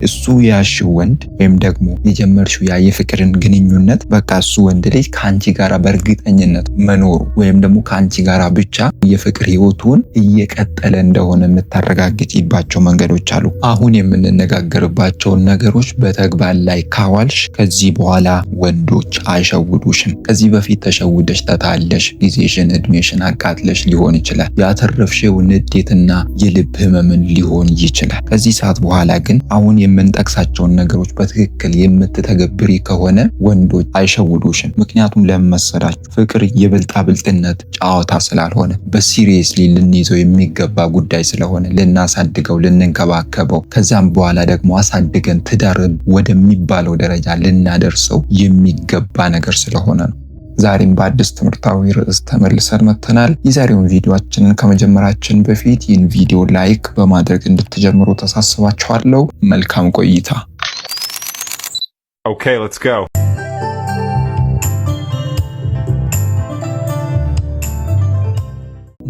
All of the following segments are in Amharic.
Isso ያልሽው ወንድ ወይም ደግሞ የጀመርሽው ያ የፍቅርን ግንኙነት በቃ እሱ ወንድ ልጅ ከአንቺ ጋራ በእርግጠኝነት መኖሩ ወይም ደግሞ ከአንቺ ጋራ ብቻ የፍቅር ህይወቱን እየቀጠለ እንደሆነ የምታረጋግጭባቸው መንገዶች አሉ። አሁን የምንነጋገርባቸውን ነገሮች በተግባር ላይ ካዋልሽ ከዚህ በኋላ ወንዶች አይሸውዱሽም። ከዚህ በፊት ተሸውደሽ ተታለሽ ጊዜሽን እድሜሽን አቃጥለሽ ሊሆን ይችላል። ያተረፍሽው ንዴትና የልብ ህመምን ሊሆን ይችላል። ከዚህ ሰዓት በኋላ ግን አሁን የምንጠ የምጠቅሳቸውን ነገሮች በትክክል የምትተገብሪ ከሆነ ወንዶች አይሸውዱሽም። ምክንያቱም ለመሰላችሁ ፍቅር የብልጣብልጥነት ጨዋታ ስላልሆነ በሲሪየስሊ ልንይዘው የሚገባ ጉዳይ ስለሆነ ልናሳድገው፣ ልንንከባከበው ከዛም በኋላ ደግሞ አሳድገን ትዳር ወደሚባለው ደረጃ ልናደርሰው የሚገባ ነገር ስለሆነ ነው። ዛሬም በአዲስ ትምህርታዊ ርዕስ ተመልሰን መጥተናል። የዛሬውን ቪዲዮችንን ከመጀመራችን በፊት ይህን ቪዲዮ ላይክ በማድረግ እንድትጀምሩ ተሳስባችኋለሁ። መልካም ቆይታ። ኦኬ ሌትስ ጎ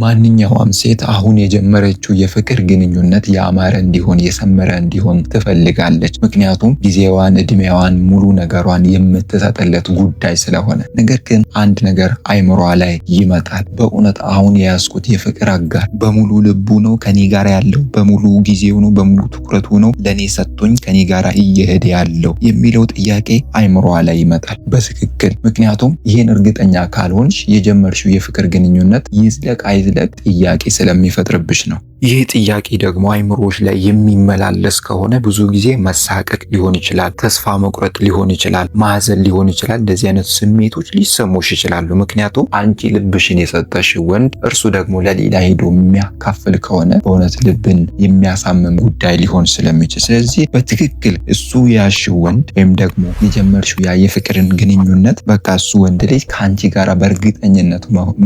ማንኛውም ሴት አሁን የጀመረችው የፍቅር ግንኙነት ያማረ እንዲሆን የሰመረ እንዲሆን ትፈልጋለች። ምክንያቱም ጊዜዋን፣ እድሜዋን፣ ሙሉ ነገሯን የምትሰጥለት ጉዳይ ስለሆነ። ነገር ግን አንድ ነገር አይምሯ ላይ ይመጣል። በእውነት አሁን የያዝኩት የፍቅር አጋር በሙሉ ልቡ ነው ከኔ ጋር ያለው በሙሉ ጊዜው ነው በሙሉ ትኩረቱ ነው ለእኔ ሰጥቶኝ ከኔ ጋር እየሄደ ያለው የሚለው ጥያቄ አይምሯ ላይ ይመጣል በትክክል ምክንያቱም ይህን እርግጠኛ ካልሆንሽ የጀመርሽው የፍቅር ግንኙነት ይጽደቅ ላይ ጥያቄ ስለሚፈጥርብሽ ነው። ይህ ጥያቄ ደግሞ አይምሮዎች ላይ የሚመላለስ ከሆነ ብዙ ጊዜ መሳቀቅ ሊሆን ይችላል፣ ተስፋ መቁረጥ ሊሆን ይችላል፣ ማዘን ሊሆን ይችላል። እንደዚህ አይነት ስሜቶች ሊሰሙሽ ይችላሉ። ምክንያቱም አንቺ ልብሽን የሰጠሽ ወንድ እርሱ ደግሞ ለሌላ ሄዶ የሚያካፍል ከሆነ በእውነት ልብን የሚያሳምም ጉዳይ ሊሆን ስለሚችል፣ ስለዚህ በትክክል እሱ ያሽ ወንድ ወይም ደግሞ የጀመርሽው ያ የፍቅርን ግንኙነት በቃ እሱ ወንድ ልጅ ከአንቺ ጋራ በእርግጠኝነት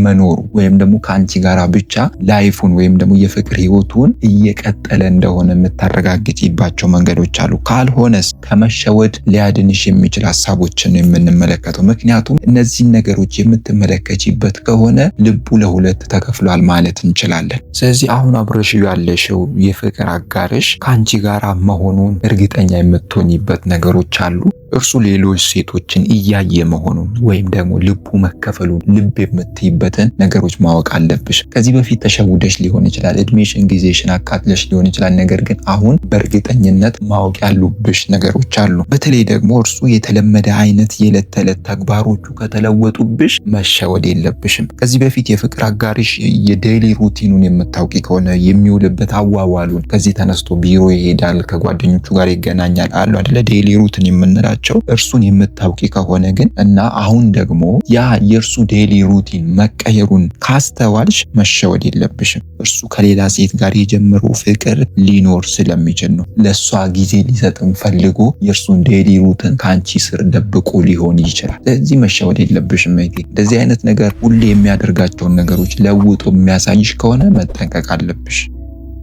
መኖሩ ወይም ደግሞ ከአንቺ ጋራ ብቻ ላይፉን ወይም ደግሞ የፍቅር ህይወቱን እየቀጠለ እንደሆነ የምታረጋግጪባቸው መንገዶች አሉ። ካልሆነስ ከመሸወድ ሊያድንሽ የሚችል ሀሳቦችን ነው የምንመለከተው። ምክንያቱም እነዚህን ነገሮች የምትመለከችበት ከሆነ ልቡ ለሁለት ተከፍሏል ማለት እንችላለን። ስለዚህ አሁን አብረሽ ያለሽው የፍቅር አጋርሽ ከአንቺ ጋር መሆኑን እርግጠኛ የምትሆኝበት ነገሮች አሉ። እርሱ ሌሎች ሴቶችን እያየ መሆኑን ወይም ደግሞ ልቡ መከፈሉን ልብ የምትይበትን ነገሮች ማወቅ አለብሽ። ከዚህ በፊት ተሸውደሽ ሊሆን ይችላል። እድሜ ጊዜሽን ጊዜሽን አካትለሽ ሊሆን ይችላል። ነገር ግን አሁን በእርግጠኝነት ማወቅ ያሉብሽ ነገሮች አሉ። በተለይ ደግሞ እርሱ የተለመደ አይነት የዕለት ተዕለት ተግባሮቹ ከተለወጡብሽ መሸወድ የለብሽም። ከዚህ በፊት የፍቅር አጋሪሽ የዴይሊ ሩቲኑን የምታውቂ ከሆነ የሚውልበት አዋዋሉን፣ ከዚህ ተነስቶ ቢሮ ይሄዳል፣ ከጓደኞቹ ጋር ይገናኛል አሉ አደለ ዴይሊ ሩቲን የምንላቸው እርሱን የምታውቂ ከሆነ ግን እና አሁን ደግሞ ያ የእርሱ ዴይሊ ሩቲን መቀየሩን ካስተዋልሽ መሸወድ የለብሽም እርሱ ከሌላ ሴ ሴት ጋር የጀመረው ፍቅር ሊኖር ስለሚችል ነው። ለእሷ ጊዜ ሊሰጥም ፈልጎ የእርሱን ዴይሊ ሩትን ከአንቺ ስር ደብቆ ሊሆን ይችላል። ስለዚህ መሸወድ የለብሽም። እንደዚህ አይነት ነገር ሁሌ የሚያደርጋቸውን ነገሮች ለውጦ የሚያሳይሽ ከሆነ መጠንቀቅ አለብሽ።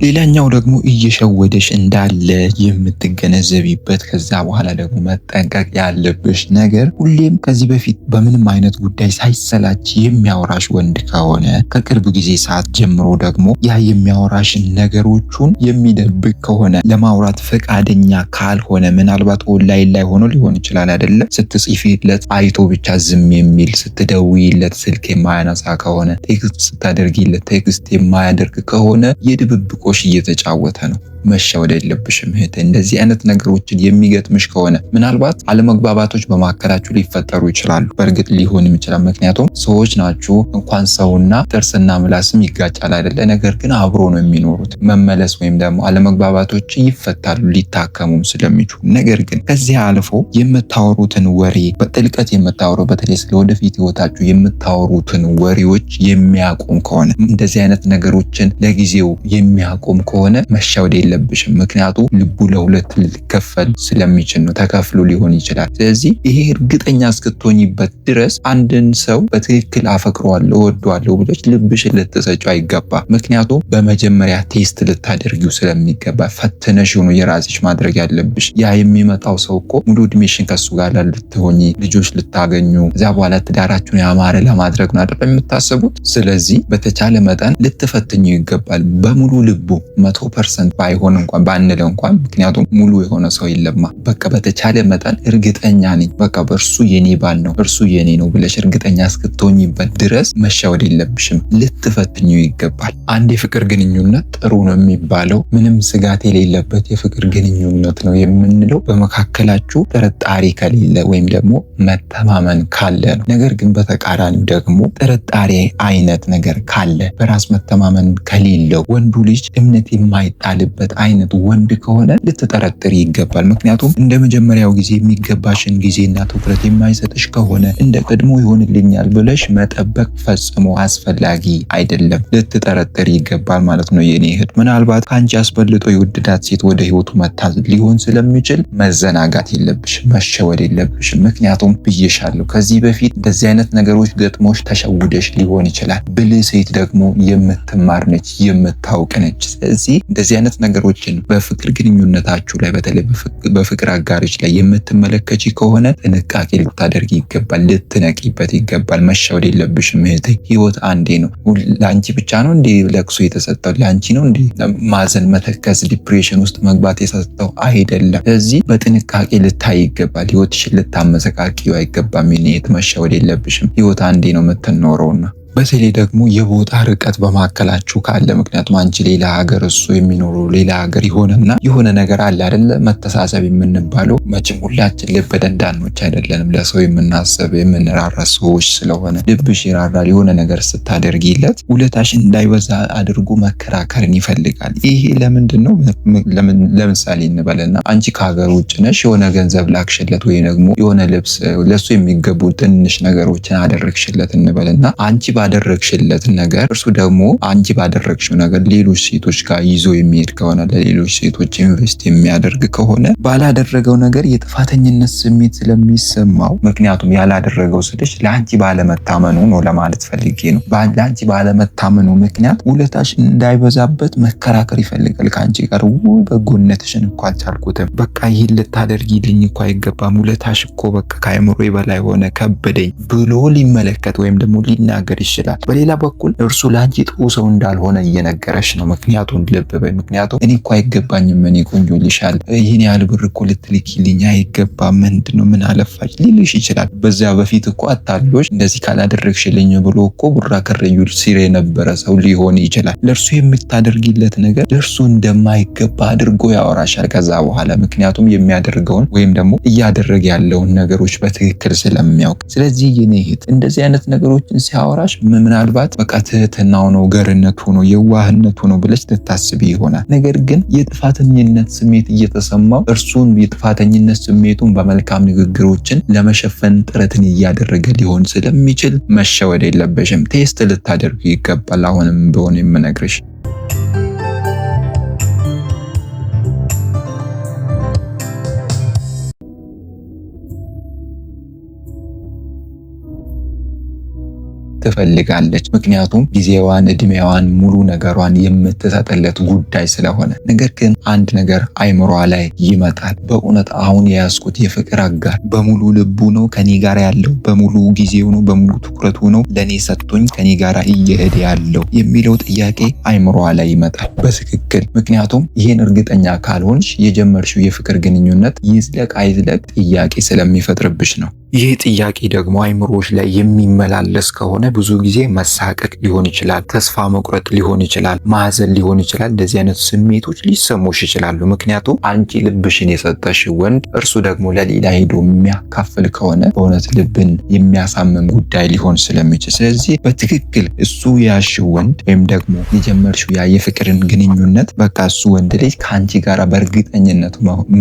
ሌላኛው ደግሞ እየሸወደሽ እንዳለ የምትገነዘቢበት ከዛ በኋላ ደግሞ መጠንቀቅ ያለብሽ ነገር ሁሌም ከዚህ በፊት በምንም አይነት ጉዳይ ሳይሰላች የሚያወራሽ ወንድ ከሆነ ከቅርብ ጊዜ ሰዓት ጀምሮ ደግሞ ያ የሚያወራሽን ነገሮቹን የሚደብቅ ከሆነ ለማውራት ፈቃደኛ ካልሆነ ምናልባት ኦንላይን ላይ ሆኖ ሊሆን ይችላል አይደለም። ስትጽፊለት አይቶ ብቻ ዝም የሚል ስትደውይለት ስልክ የማያነሳ ከሆነ ቴክስት ስታደርጊለት ቴክስት የማያደርግ ከሆነ የድብብቆ 我是因为骄傲才能。መሻወድ የለብሽም እህቴ። እንደዚህ አይነት ነገሮችን የሚገጥምሽ ከሆነ ምናልባት አለመግባባቶች በመካከላችሁ ሊፈጠሩ ይችላሉ። በእርግጥ ሊሆንም ይችላል። ምክንያቱም ሰዎች ናችሁ። እንኳን ሰውና ጥርስና ምላስም ይጋጫል አይደለ? ነገር ግን አብሮ ነው የሚኖሩት። መመለስ ወይም ደግሞ አለመግባባቶች ይፈታሉ፣ ሊታከሙም ስለሚችሉ። ነገር ግን ከዚህ አልፎ የምታወሩትን ወሬ በጥልቀት የምታወሩ በተለይ ስለ ወደፊት ህይወታችሁ የምታወሩትን ወሬዎች የሚያቆም ከሆነ እንደዚህ አይነት ነገሮችን ለጊዜው የሚያቆም ከሆነ መሻወድ አይለብሽም። ምክንያቱ ልቡ ለሁለት ሊከፈል ስለሚችል ነው፣ ተከፍሎ ሊሆን ይችላል። ስለዚህ ይሄ እርግጠኛ እስክትሆኝበት ድረስ አንድን ሰው በትክክል አፈቅረዋለሁ እወደዋለሁ ብሎች ልብሽን ልትሰጪው አይገባ። ምክንያቱም በመጀመሪያ ቴስት ልታደርጊው ስለሚገባ ፈትነሽ ሆኖ የራስሽ ማድረግ ያለብሽ። ያ የሚመጣው ሰው እኮ ሙሉ እድሜሽን ከሱ ጋር ልትሆኚ ልጆች ልታገኙ እዚያ በኋላ ትዳራችሁን ያማረ ለማድረግ ነው አይደል የምታስቡት። ስለዚህ በተቻለ መጠን ልትፈትኙ ይገባል በሙሉ ልቡ መቶ ፐርሰንት ባይሆን ባይሆን እንኳን ባንል እንኳን ምክንያቱም ሙሉ የሆነ ሰው የለማ። በቃ በተቻለ መጠን እርግጠኛ ነኝ በቃ በእርሱ የኔ ባል ነው እርሱ የኔ ነው ብለሽ እርግጠኛ እስክትሆኝበት ድረስ መሻወድ የለብሽም። ልትፈትኙ ይገባል። አንድ የፍቅር ግንኙነት ጥሩ ነው የሚባለው ምንም ስጋት የሌለበት የፍቅር ግንኙነት ነው የምንለው በመካከላችሁ ጥርጣሬ ከሌለ ወይም ደግሞ መተማመን ካለ ነው። ነገር ግን በተቃራኒው ደግሞ ጥርጣሬ አይነት ነገር ካለ በራስ መተማመን ከሌለው ወንዱ ልጅ እምነት የማይጣልበት የምትሆንበት አይነት ወንድ ከሆነ ልትጠረጥር ይገባል። ምክንያቱም እንደ መጀመሪያው ጊዜ የሚገባሽን ጊዜና ትኩረት የማይሰጥሽ ከሆነ እንደ ቀድሞ ይሆንልኛል ብለሽ መጠበቅ ፈጽሞ አስፈላጊ አይደለም። ልትጠረጥር ይገባል ማለት ነው የኔ እህት። ምናልባት ከአንቺ አስበልጦ የወደዳት ሴት ወደ ህይወቱ መታ ሊሆን ስለሚችል መዘናጋት የለብሽ፣ መሸወድ የለብሽ። ምክንያቱም ብዬሻለሁ ከዚህ በፊት እንደዚህ አይነት ነገሮች ገጥሞች ተሸውደሽ ሊሆን ይችላል። ብልህ ሴት ደግሞ የምትማር ነች፣ የምታውቅ ነች። ስለዚህ እንደዚህ አይነት ነገር ነገሮችን በፍቅር ግንኙነታችሁ ላይ በተለይ በፍቅር አጋሪዎች ላይ የምትመለከች ከሆነ ጥንቃቄ ልታደርግ ይገባል፣ ልትነቂበት ይገባል። መሻወድ የለብሽም እህቴ። ህይወት አንዴ ነው። ለአንቺ ብቻ ነው እንዲ ለቅሶ የተሰጠው? ለአንቺ ነው እንዲ ማዘን፣ መተከዝ፣ ዲፕሬሽን ውስጥ መግባት የሰጠው አይደለም። ስለዚህ በጥንቃቄ ልታይ ይገባል። ህይወትሽን ልታመሰቃቂ አይገባም። ኔት መሻወድ የለብሽም። ህይወት አንዴ ነው የምትኖረውና በተለይ ደግሞ የቦታ ርቀት በመካከላችሁ ካለ፣ ምክንያቱም አንቺ ሌላ ሀገር እሱ የሚኖሩ ሌላ ሀገር ይሆንና የሆነ ነገር አለ አይደለ? መተሳሰብ የምንባለው መቼም ሁላችን ልበ ደንዳኖች አይደለንም። ለሰው የምናስብ የምንራራ ሰዎች ስለሆነ ልብሽ ይራራል። የሆነ ነገር ስታደርጊለት ውለታሽ እንዳይበዛ አድርጎ መከራከርን ይፈልጋል። ይሄ ለምንድን ነው? ለምሳሌ እንበልና አንቺ ከሀገር ውጭ ነሽ፣ የሆነ ገንዘብ ላክሽለት ወይ ደግሞ የሆነ ልብስ ለሱ የሚገቡ ትንሽ ነገሮችን አደረግሽለት እንበልና አንቺ ባደረግሽለት ነገር እርሱ ደግሞ አንቺ ባደረግሽው ነገር ሌሎች ሴቶች ጋር ይዞ የሚሄድ ከሆነ ለሌሎች ሴቶች ኢንቨስት የሚያደርግ ከሆነ ባላደረገው ነገር የጥፋተኝነት ስሜት ስለሚሰማው ምክንያቱም ያላደረገው ስልሽ ለአንቺ ባለመታመኑ ነው ለማለት ፈልጌ ነው። ለአንቺ ባለመታመኑ ምክንያት ውለታሽ እንዳይበዛበት መከራከር ይፈልጋል ከአንቺ ጋር። ውይ በጎነትሽን እኮ አልቻልኩትም፣ በቃ ይህን ልታደርጊልኝ እኮ አይገባም፣ ውለታሽ እኮ በቃ ከአይምሮ በላይ ሆነ ከበደኝ ብሎ ሊመለከት ወይም ደግሞ ሊናገር ይችላል። በሌላ በኩል እርሱ ለአንቺ ጥሩ ሰው እንዳልሆነ እየነገረሽ ነው። ምክንያቱም ልብ በይ። ምክንያቱም እኔ እኮ አይገባኝም እኔ ቆንጆ ልሻል ይህን ያህል ብር እኮ ልትልኪልኝ አይገባ፣ ምንድን ነው ምን አለፋች ሊልሽ ይችላል። በዚያ በፊት እኮ አታሎች እንደዚህ ካላደረግሽልኝ ብሎ እኮ ቡራ ከረዩ ሲል የነበረ ሰው ሊሆን ይችላል። ለእርሱ የምታደርጊለት ነገር ለእርሱ እንደማይገባ አድርጎ ያወራሻል ከዛ በኋላ ምክንያቱም የሚያደርገውን ወይም ደግሞ እያደረገ ያለውን ነገሮች በትክክል ስለሚያውቅ። ስለዚህ የኔ እህት እንደዚህ አይነት ነገሮችን ሲያወራሽ ምናልባት በቃ ትህትናው ነው፣ ገርነቱ ነው፣ የዋህነቱ ነው ብለች ልታስብ ይሆናል። ነገር ግን የጥፋተኝነት ስሜት እየተሰማው እርሱን የጥፋተኝነት ስሜቱን በመልካም ንግግሮችን ለመሸፈን ጥረትን እያደረገ ሊሆን ስለሚችል መሸወድ የለበሽም። ቴስት ልታደርጉ ይገባል። አሁንም ቢሆን የምነግርሽ ትፈልጋለች። ምክንያቱም ጊዜዋን፣ እድሜዋን፣ ሙሉ ነገሯን የምትሰጥለት ጉዳይ ስለሆነ። ነገር ግን አንድ ነገር አይምሯ ላይ ይመጣል። በእውነት አሁን የያዝኩት የፍቅር አጋር በሙሉ ልቡ ነው ከኔ ጋር ያለው በሙሉ ጊዜው ነው በሙሉ ትኩረቱ ነው ለእኔ ሰጥቶኝ ከኔ ጋር እየሄደ ያለው የሚለው ጥያቄ አይምሯ ላይ ይመጣል በትክክል። ምክንያቱም ይህን እርግጠኛ ካልሆንሽ የጀመርሽው የፍቅር ግንኙነት ይዝለቅ አይዝለቅ ጥያቄ ስለሚፈጥርብሽ ነው። ይህ ጥያቄ ደግሞ አይምሮዎች ላይ የሚመላለስ ከሆነ ብዙ ጊዜ መሳቀቅ ሊሆን ይችላል፣ ተስፋ መቁረጥ ሊሆን ይችላል፣ ማዘን ሊሆን ይችላል። እንደዚህ አይነት ስሜቶች ሊሰሙሽ ይችላሉ። ምክንያቱም አንቺ ልብሽን የሰጠሽ ወንድ እርሱ ደግሞ ለሌላ ሄዶ የሚያካፍል ከሆነ በእውነት ልብን የሚያሳምም ጉዳይ ሊሆን ስለሚችል፣ ስለዚህ በትክክል እሱ ያሽ ወንድ ወይም ደግሞ የጀመርሽው ያ የፍቅርን ግንኙነት በቃ እሱ ወንድ ልጅ ከአንቺ ጋራ በእርግጠኝነት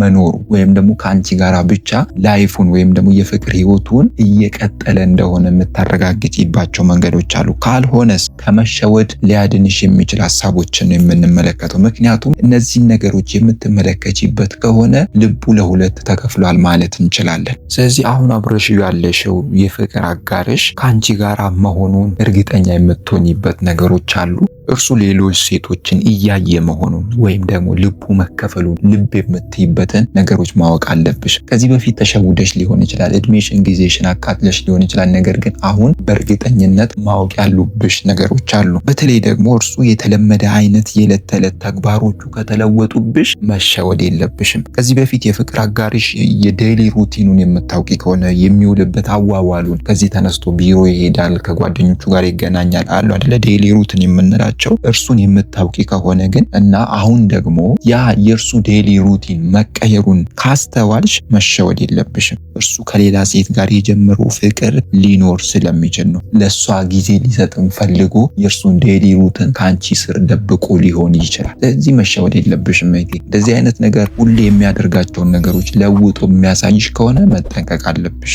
መኖሩ ወይም ደግሞ ከአንቺ ጋራ ብቻ ላይፉን ወይም ደግሞ የፍቅር ህይወቱን እየቀጠለ እንደሆነ የምታረጋግጪባቸው መንገዶች አሉ። ካልሆነስ ከመሸወድ ሊያድንሽ የሚችል ሀሳቦችን ነው የምንመለከተው። ምክንያቱም እነዚህን ነገሮች የምትመለከችበት ከሆነ ልቡ ለሁለት ተከፍሏል ማለት እንችላለን። ስለዚህ አሁን አብረሽ ያለሽው የፍቅር አጋርሽ ከአንቺ ጋር መሆኑን እርግጠኛ የምትሆኝበት ነገሮች አሉ። እርሱ ሌሎች ሴቶችን እያየ መሆኑን ወይም ደግሞ ልቡ መከፈሉን ልብ የምትይበትን ነገሮች ማወቅ አለብሽ። ከዚህ በፊት ተሸውደሽ ሊሆን ይችላል፣ እድሜሽን ጊዜሽን አካትለሽ ሊሆን ይችላል። ነገር ግን አሁን በእርግጠኝነት ማወቅ ያሉብሽ ነገሮች አሉ። በተለይ ደግሞ እርሱ የተለመደ አይነት የዕለት ተዕለት ተግባሮቹ ከተለወጡብሽ መሸወድ የለብሽም። ከዚህ በፊት የፍቅር አጋሪሽ የዴይሊ ሩቲኑን የምታውቂ ከሆነ የሚውልበት አዋዋሉን ከዚህ ተነስቶ ቢሮ ይሄዳል፣ ከጓደኞቹ ጋር ይገናኛል አሉ አደለ ዴይሊ ሩቲን የምንላቸው ናቸው። እርሱን የምታውቂ ከሆነ ግን እና አሁን ደግሞ ያ የእርሱ ዴይሊ ሩቲን መቀየሩን ካስተዋልሽ መሸወድ የለብሽም። እርሱ ከሌላ ሴት ጋር የጀመረው ፍቅር ሊኖር ስለሚችል ነው። ለእሷ ጊዜ ሊሰጥም ፈልጎ የእርሱን ዴይሊ ሩትን ከአንቺ ስር ደብቆ ሊሆን ይችላል። ለዚህ መሸወድ የለብሽም። እንደዚህ አይነት ነገር ሁሌ የሚያደርጋቸውን ነገሮች ለውጦ የሚያሳይሽ ከሆነ መጠንቀቅ አለብሽ።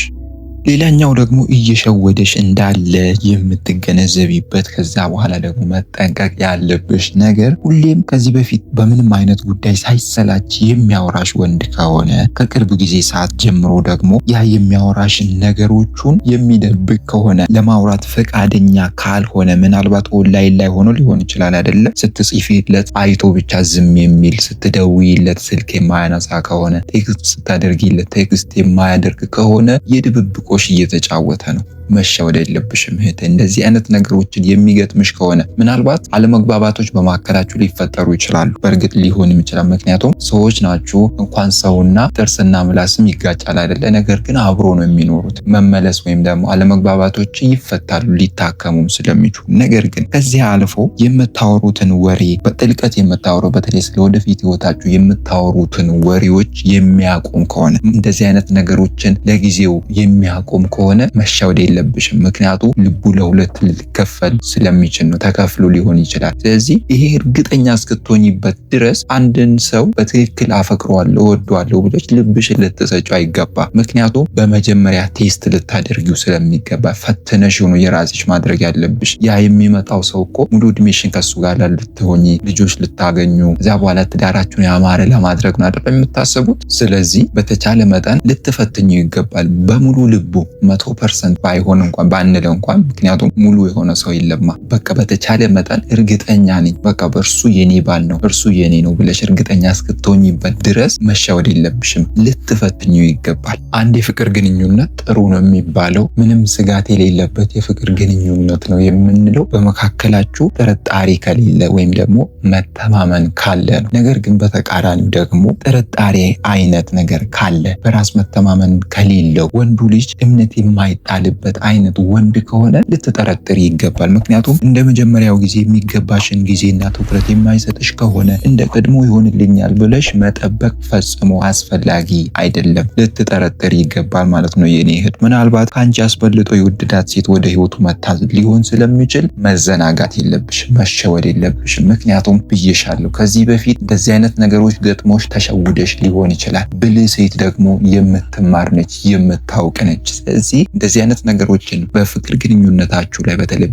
ሌላኛው ደግሞ እየሸወደሽ እንዳለ የምትገነዘቢበት ከዛ በኋላ ደግሞ መጠንቀቅ ያለብሽ ነገር ሁሌም ከዚህ በፊት በምንም አይነት ጉዳይ ሳይሰላች የሚያወራሽ ወንድ ከሆነ ከቅርብ ጊዜ ሰዓት ጀምሮ ደግሞ ያ የሚያወራሽን ነገሮቹን የሚደብቅ ከሆነ ለማውራት ፈቃደኛ ካልሆነ ምናልባት ኦንላይን ላይ ሆኖ ሊሆን ይችላል አይደለም። ስትጽፊለት አይቶ ብቻ ዝም የሚል ስትደውይለት ስልክ የማያነሳ ከሆነ ቴክስት ስታደርጊለት ቴክስት የማያደርግ ከሆነ የድብብቆ 我是一在骄傲的人。መሻወድ የለብሽም እህቴ። እንደዚህ አይነት ነገሮችን የሚገጥምሽ ከሆነ ምናልባት አለመግባባቶች በመካከላችሁ ሊፈጠሩ ይችላሉ። በእርግጥ ሊሆንም ይችላል፣ ምክንያቱም ሰዎች ናችሁ። እንኳን ሰውና ጥርስና ምላስም ይጋጫል አይደለ? ነገር ግን አብሮ ነው የሚኖሩት። መመለስ ወይም ደግሞ አለመግባባቶች ይፈታሉ፣ ሊታከሙም ስለሚችሉ። ነገር ግን ከዚህ አልፎ የምታወሩትን ወሬ በጥልቀት የምታወሩ በተለይ ስለወደፊት ወደፊት ህይወታችሁ የምታወሩትን ወሬዎች የሚያቆም ከሆነ እንደዚህ አይነት ነገሮችን ለጊዜው የሚያቆም ከሆነ መሻወድ የለብሽም። ምክንያቱ ልቡ ለሁለት ሊከፈል ስለሚችል ነው፣ ተከፍሎ ሊሆን ይችላል። ስለዚህ ይሄ እርግጠኛ እስክትሆኝበት ድረስ አንድን ሰው በትክክል አፈቅረዋለሁ እወደዋለሁ ብሎች ልብሽን ልትሰጪው አይገባ። ምክንያቱም በመጀመሪያ ቴስት ልታደርጊው ስለሚገባ ፈተነሽ ሆኖ የራስሽ ማድረግ ያለብሽ። ያ የሚመጣው ሰው እኮ ሙሉ እድሜሽን ከሱ ጋር ልትሆኚ ልጆች ልታገኙ እዚያ በኋላ ትዳራችሁን ያማረ ለማድረግ ነው አይደል የምታስቡት። ስለዚህ በተቻለ መጠን ልትፈትኙ ይገባል በሙሉ ልቡ መቶ ፐርሰንት ባይ ባይሆን እንኳን ባንል እንኳን ምክንያቱም ሙሉ የሆነ ሰው የለማ። በቃ በተቻለ መጠን እርግጠኛ ነኝ በቃ በእርሱ የኔ ባል ነው እርሱ የኔ ነው ብለሽ እርግጠኛ እስክትሆኝበት ድረስ መሻወድ የለብሽም። ልትፈትኙ ይገባል። አንድ የፍቅር ግንኙነት ጥሩ ነው የሚባለው ምንም ስጋት የሌለበት የፍቅር ግንኙነት ነው የምንለው በመካከላችሁ ጥርጣሬ ከሌለ ወይም ደግሞ መተማመን ካለ ነው። ነገር ግን በተቃራኒው ደግሞ ጥርጣሬ አይነት ነገር ካለ በራስ መተማመን ከሌለው ወንዱ ልጅ እምነት የማይጣልበት አይነት አይነት ወንድ ከሆነ ልትጠረጥር ይገባል። ምክንያቱም እንደ መጀመሪያው ጊዜ የሚገባሽን ጊዜና ትኩረት የማይሰጥሽ ከሆነ እንደ ቀድሞ ይሆንልኛል ብለሽ መጠበቅ ፈጽሞ አስፈላጊ አይደለም። ልትጠረጥር ይገባል ማለት ነው የኔ እህት። ምናልባት ከአንቺ አስበልጦ የወደዳት ሴት ወደ ህይወቱ መታ ሊሆን ስለሚችል መዘናጋት የለብሽ፣ መሸወድ የለብሽ። ምክንያቱም ብዬሻለሁ ከዚህ በፊት እንደዚህ አይነት ነገሮች ገጥሞች ተሸውደሽ ሊሆን ይችላል። ብልህ ሴት ደግሞ የምትማር ነች፣ የምታውቅ ነች። ስለዚህ እንደዚህ አይነት ነገር ነገሮችን በፍቅር ግንኙነታችሁ ላይ በተለይ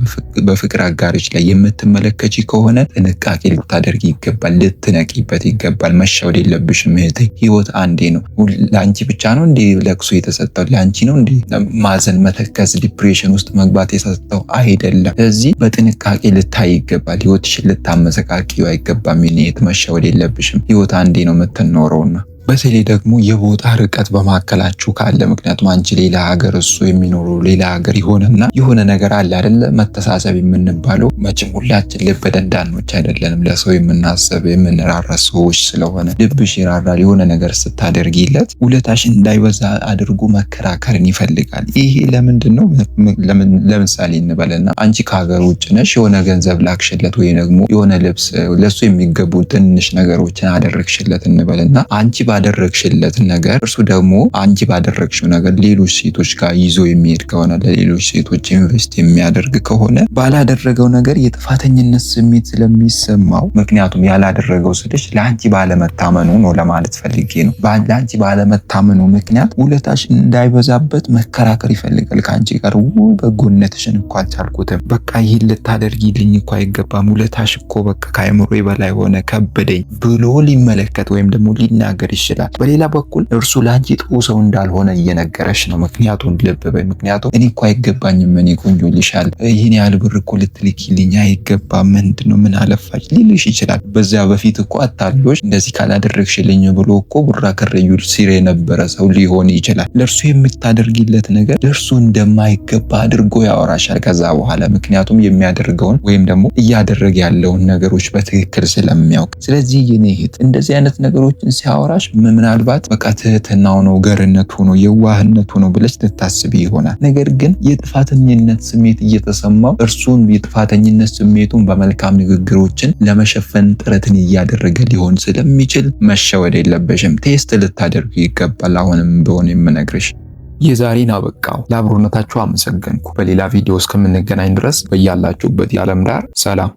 በፍቅር አጋሪዎች ላይ የምትመለከች ከሆነ ጥንቃቄ ልታደርግ ይገባል፣ ልትነቂበት ይገባል። መሻወድ የለብሽም እህቴ። ህይወት አንዴ ነው። ለአንቺ ብቻ ነው እንዲ ለቅሶ የተሰጠው? ለአንቺ ነው እንዲ ማዘን፣ መተከዝ፣ ዲፕሬሽን ውስጥ መግባት የሰጠው አይደለም። ስለዚህ በጥንቃቄ ልታይ ይገባል። ህይወትሽን ልታመሰቃቂ አይገባም። ኔት መሻወድ የለብሽም። ህይወት አንዴ ነው የምትኖረውና በተለይ ደግሞ የቦታ ርቀት በመካከላችሁ ካለ ምክንያቱም አንቺ ሌላ ሀገር እሱ የሚኖሩ ሌላ ሀገር ይሆንና የሆነ ነገር አለ አይደለ መተሳሰብ የምንባለው መቼም ሁላችን ልብ ደንዳኖች አይደለንም ለሰው የምናስብ የምንራራ ሰዎች ስለሆነ ልብሽ ይራራል የሆነ ነገር ስታደርጊለት ውለታሽ እንዳይበዛ አድርጎ መከራከርን ይፈልጋል ይሄ ለምንድን ነው ለምሳሌ እንበልና አንቺ ከሀገር ውጭ ነሽ የሆነ ገንዘብ ላክሽለት ወይ ደግሞ የሆነ ልብስ ለሱ የሚገቡ ትንሽ ነገሮችን አደረግሽለት እንበልና አንቺ ባደረግሽለት ነገር እርሱ ደግሞ አንቺ ባደረግሽው ነገር ሌሎች ሴቶች ጋር ይዞ የሚሄድ ከሆነ ለሌሎች ሴቶች ኢንቨስት የሚያደርግ ከሆነ ባላደረገው ነገር የጥፋተኝነት ስሜት ስለሚሰማው ምክንያቱም ያላደረገው ስልሽ ለአንቺ ባለመታመኑ ነው ለማለት ፈልጌ ነው። ለአንቺ ባለመታመኑ ምክንያት ውለታሽ እንዳይበዛበት መከራከር ይፈልጋል ከአንቺ ጋር ው በጎነትሽን እኮ አልቻልኩትም፣ በቃ ይህን ልታደርጊልኝ እኮ አይገባም፣ ውለታሽ እኮ በቃ ከአይምሮ በላይ ሆነ ከበደኝ ብሎ ሊመለከት ወይም ደግሞ ሊናገር ይችላል። በሌላ በኩል እርሱ ለአንቺ ጥሩ ሰው እንዳልሆነ እየነገረሽ ነው። ምክንያቱም ልብ በይ። ምክንያቱም እኔ እኮ አይገባኝም እኔ ቆንጆ ልሻል ይህን ያህል ብር እኮ ልትልኪልኝ አይገባም፣ ምንድን ነው ምን አለፋች ሊልሽ ይችላል። በዚያ በፊት እኮ አታሎች እንደዚህ ካላደረግሽልኝ ብሎ እኮ ቡራ ከረዩ ሲር የነበረ ሰው ሊሆን ይችላል። ለእርሱ የምታደርጊለት ነገር ለእርሱ እንደማይገባ አድርጎ ያወራሻል ከዛ በኋላ ምክንያቱም የሚያደርገውን ወይም ደግሞ እያደረገ ያለውን ነገሮች በትክክል ስለሚያውቅ። ስለዚህ የኔ እህት እንደዚህ አይነት ነገሮችን ሲያወራሽ ምናልባት በቃ ትህትና ሆኖ ገርነት ሆኖ የዋህነት ሆኖ ብለች ልታስቢ ይሆናል። ነገር ግን የጥፋተኝነት ስሜት እየተሰማው እርሱን የጥፋተኝነት ስሜቱን በመልካም ንግግሮችን ለመሸፈን ጥረትን እያደረገ ሊሆን ስለሚችል መሸወድ የለበሽም። ቴስት ልታደርጉ ይገባል። አሁንም ቢሆን የምነግርሽ የዛሬን አበቃው። ለአብሮነታችሁ አመሰገንኩ። በሌላ ቪዲዮ እስከምንገናኝ ድረስ በያላችሁበት የዓለም ዳር ሰላም